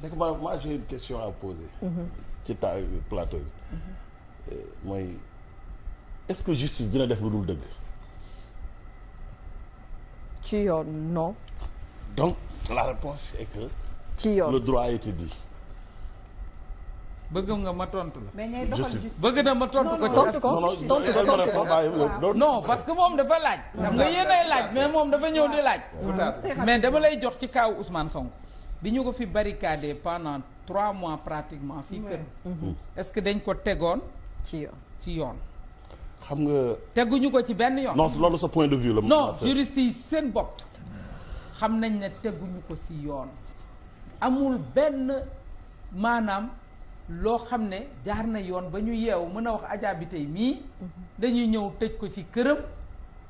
c'est que moi, moi j'ai une question à poser. ci ta plateau bi. mooy est-ce que justice dina def lu dul dëgg. ci yoon non. donc la réponse est que. ci yoon le droit a été dit. bëgg nga ma tontu la. mais ñooy doxal bëgg na ma tontu ko. tontu ko tontu non parce que moom dafa laaj. xam nga yéenay laaj mais moom dafa ñëw di laaj. mais dama lay jox ci kaaw Ousmane sonk bi ñu ko fi barricadé pendant trois mois pratiquement fii kër est-ce que dañ ko tegoon ci yoon ci yoon xam nga teguñu ko ci benn yoon non loolu sa point de vue la non juriste yi seen bopp xam nañ ne teguñu ko ci yoon amul benn maanaam loo xam ne jaar na yoon ba ñu yeew mën a wax Adja bi tey mii dañuy ñëw tëj ko ci këram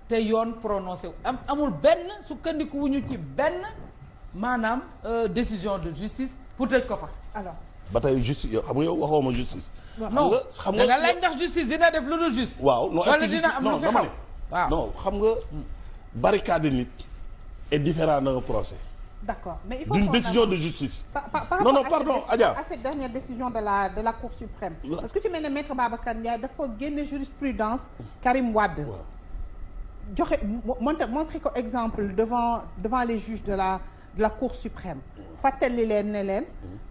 te yoon prononcé am amul benn sukkandikuwuñu ci benn maanaam euh, décision de justice pour tëj ko fa. alors ba tey justice yow xam nga yow waxoo a justice. xam xam nga da nga ndax justice dina def lu dul juste. waaw non wala dina xam nga. Hmm. barricade nit et différent d'un procès. d'accord mais il d'une décision de justice. Pa pa par non non pardon Adja. à cette dernière décision de la de la Cour suprême. parce que tu mel ne maître Babacar Ndiaye dafa génne jurisprudence Karim Wade. joxe montre montré ko exemple devant devant les de la. de la cour suprême fàttali leen ne leen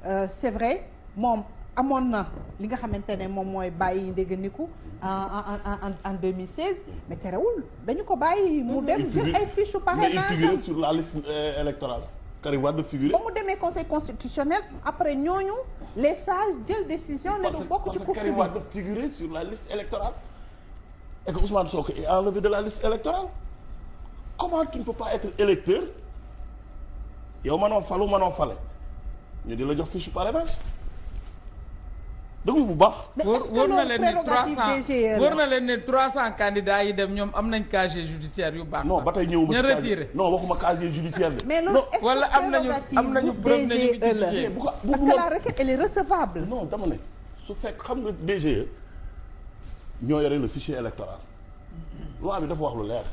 euh, c'est vrai moom amoon na li nga xamante ne moom mooy bàyyi ndéganiku en en 2016 mais terewul dañu ko bàyyi mu mm-hmm. dem jël ay fiche u parrainage mais il sur la liste euh, électorale Karim Wade figure ba mu demee conseil constitutionnel après ñooñu les sages jël décision ne du bokk ci course bi parce que Karim sur la liste électorale et que Ousmane de la liste électorale comment tu ne peux pas être électeur yow manoo falu manoo fale ñu di la jox fiche parrainage dëgg bu baax. wóor na leen ne trois cent wóor na leen ne trois cent candidats yi dem ñoom am nañ casier judiciaire yu baax. non ba tey ñëwuma ci casier non waxuma casier judiciaire bi mais loolu est wala am nañu am nañu preuve ne ñu ngi ci bu ko bu parce que la requête elle est recevable. non dama ne su fekk xam nga DGE ñoo yore le fichier électoral loi bi dafa wax lu leer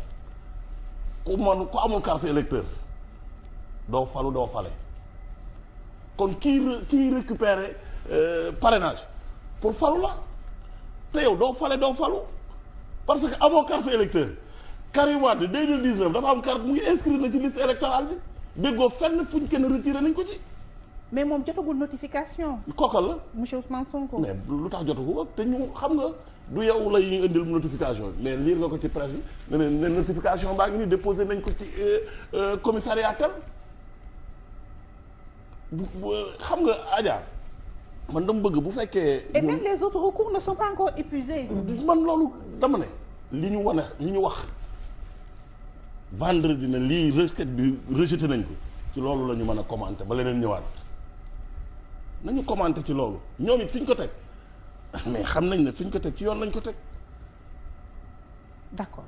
ku man ku amul carte électeur doo falu doo fale kon kii re kii récupérer euh, parenage pour falu la te yow doo fale doo falu parce que amoo carte électeur Karim Wade 2019 dafa am carte mu ngi inscrit na ci liste électorale bi déggoo fenn fuñ kenn retiré nañ ko ci. mais moom jotagul notification. kookal la monsieur Ousmane Sonko. mais lu tax jotagu ko te ñu xam nga du yow la ñuy indil notification bi mais lire nga ko ci presse bi ne ne notification baa ngi ni déposé nañ ko ci euh, euh, commissariat tel. xam nga Adja man dama bëgg bu fekkee. et même les autres man loolu dama ne li ñu wane li ñu wax vendredi na lii requête bi rejeté nañ ko ci loolu la ñu mën a commenté ba leneen ñëwaat nañu commenté ci loolu ñoom it fi ko teg mais xam nañ ne fi ko teg ci yoon lañ ko teg. d'accord.